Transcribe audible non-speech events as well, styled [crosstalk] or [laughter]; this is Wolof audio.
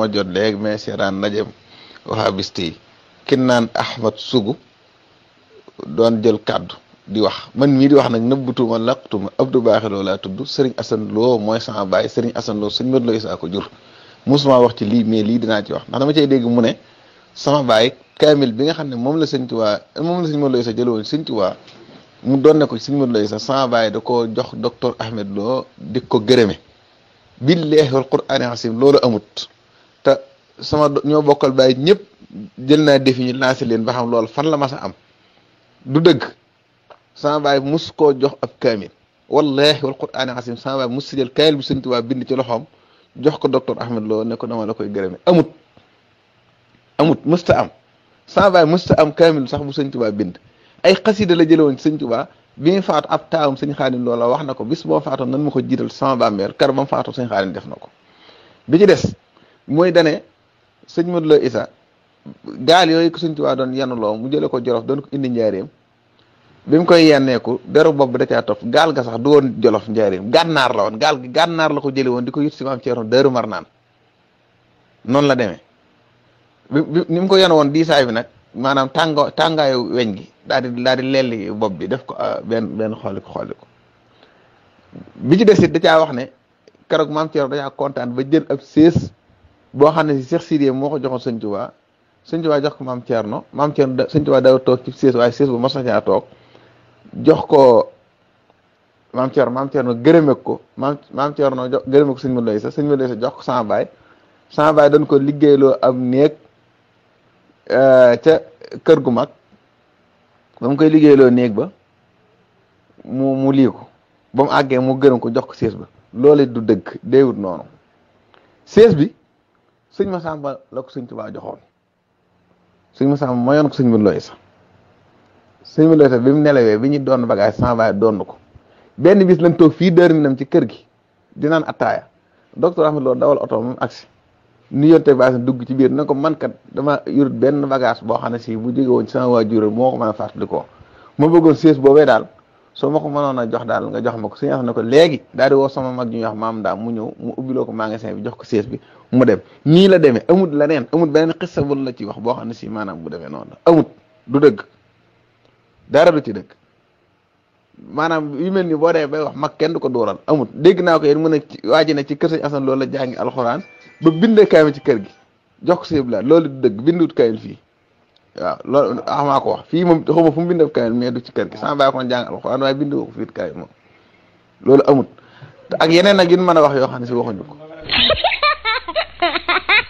moo jot léegi mais seeraan najem wahabiste yi kin naan Ahmad Sugu doon jël kàddu di wax man mii di wax nag nëbbutuma laqtuma Abdou Baaxe Loo laa tudd sëriñ asan Loo mooy sama baay Serigne Assane Loo Serigne Modou Loo Isaa ko jur musuma wax ci lii mais lii dinaa ci wax ndax ma cay dégg mu ne sama baay kaamil bi nga xam ne moom la Serigne Touba moom la Serigne Modou Loo Isaa jëloon Serigne Touba mu doon ko Serigne Modou Loo Isaa sama baay da ko jox docteur Ahmed Loo di ko gërëme billaahi wal qur'aani xasim loolu amut sama ñoo bokkal baay ñëpp jël naa defi ñu lancé leen ba xam loolu fan la mas am du dëgg sama baay mus koo jox ab kaamil wallahi wal quraan asim sama baay mus si jël kaamil bu Sëñ bind ci loxoom jox ko docteur Ahmed Lo ne ko dama la koy gërëme amut amut mësta am sama baay mësta am kaamil sax bu Sëñ Tuubaa bind ay xasida la jële woon ci Sëñ Tuubaa bi mu faatu ab taawam sëñ xaadim loola wax na ko bis boo faatoon nan ma ko jiital sama bàmmeel kar ba mu faatoo sëñ xaadim def na ko bi des mooy dane sëñ Modou Lo Isa gaal yooyu ko sëñ Tuubaa doon yanuloo mu jële ko jolof doon ko indi njaareem bi mu koy yenneeku deru bopp bi da caa topp gaal ga sax du woon jolof njaareem gànnaar la woon gaal gi gànnaar la ko jële woon di ko yut si maam Ceerno Daaru Marnaan noonu la demee bi ni mu ko yan woon diisaay bi nag maanaam tànga tàngaayu weñ gi daal di daal di lelli bopp bi def ko ah, benn benn xooli ko xooli bi ci des it da caa wax ne keroog maam Ceerno da caa kontaan ba jël ab sées boo xam ne si Cheikh Sidiye moo ko joxoon Sëñ Tuubaa Sëñ Tuubaa jox ko maam Thierno maam Thierno da Sëñ Tuubaa daaw bu mos a toog jox ko maam Thierno maam Thierno gërëme ko maam maam Thierno jox gërëme ko sëñ Modou Issa sëñ Modou jox ko sama baay sama dañ ko liggéeyloo am néeg euh, ca kër gu mag ba koy liggéeyloo néeg ba mu mu lii ko ba mu gërëm ko jox ko sées ba loolu du dëgg déewut noonu sées bi. sëñ Masamba la ko sëñ Tuubaa joxoon sëñ Masamba mayoon ko sëñ bu looy sa sëñ bu looy sa bi mu nelawee bi ñu doon bagage sama doon doon ko benn bis lañ toog fii dër mi nam ci kër gi di naan attaaya docteur Ahmed Lo dawal oto moom agsi nu yonte bagage dugg ci biir na ko man kat dama yurut benn bagage boo xam ne si bu jóge woon ci sama waajur moo ko mën a fàttali ko ma bëggoon sées boobee daal soo ma ko mënoon a jox daal nga jox ma ko suñu wax ko léegi daal di woo sama mag ñu wax maam daam mu ñëw mu ubbiloo ko magasin bi jox ko sees bi mu dem nii la demee amut la neen amut beneen xissa bu la ci wax boo xam ne si maanaam bu deme noon la amut du dëgg dara du ci dëgg maanaam yu mel ni boo dee bay wax mag kenn du ko dooral amut dégg naa ko yéen mu ne ci waa ji ne ci kër sëñ Asan loolu la jàngi alxuraan ba bindee kaamil ci kër gi jox ko sëñ Abdulaay loolu du dëgg binduut kaamil fii waaw loolu axamaa ah, ko wax fii moom xaw ma fu mu bind ab kaamil mais du ci kër gi sama baay ko jàng alxuraan waaye bind ko fi it moom loolu amut te ak yeneen ak yu mën a wax yoo xam ne si waxuñu ko [laughs]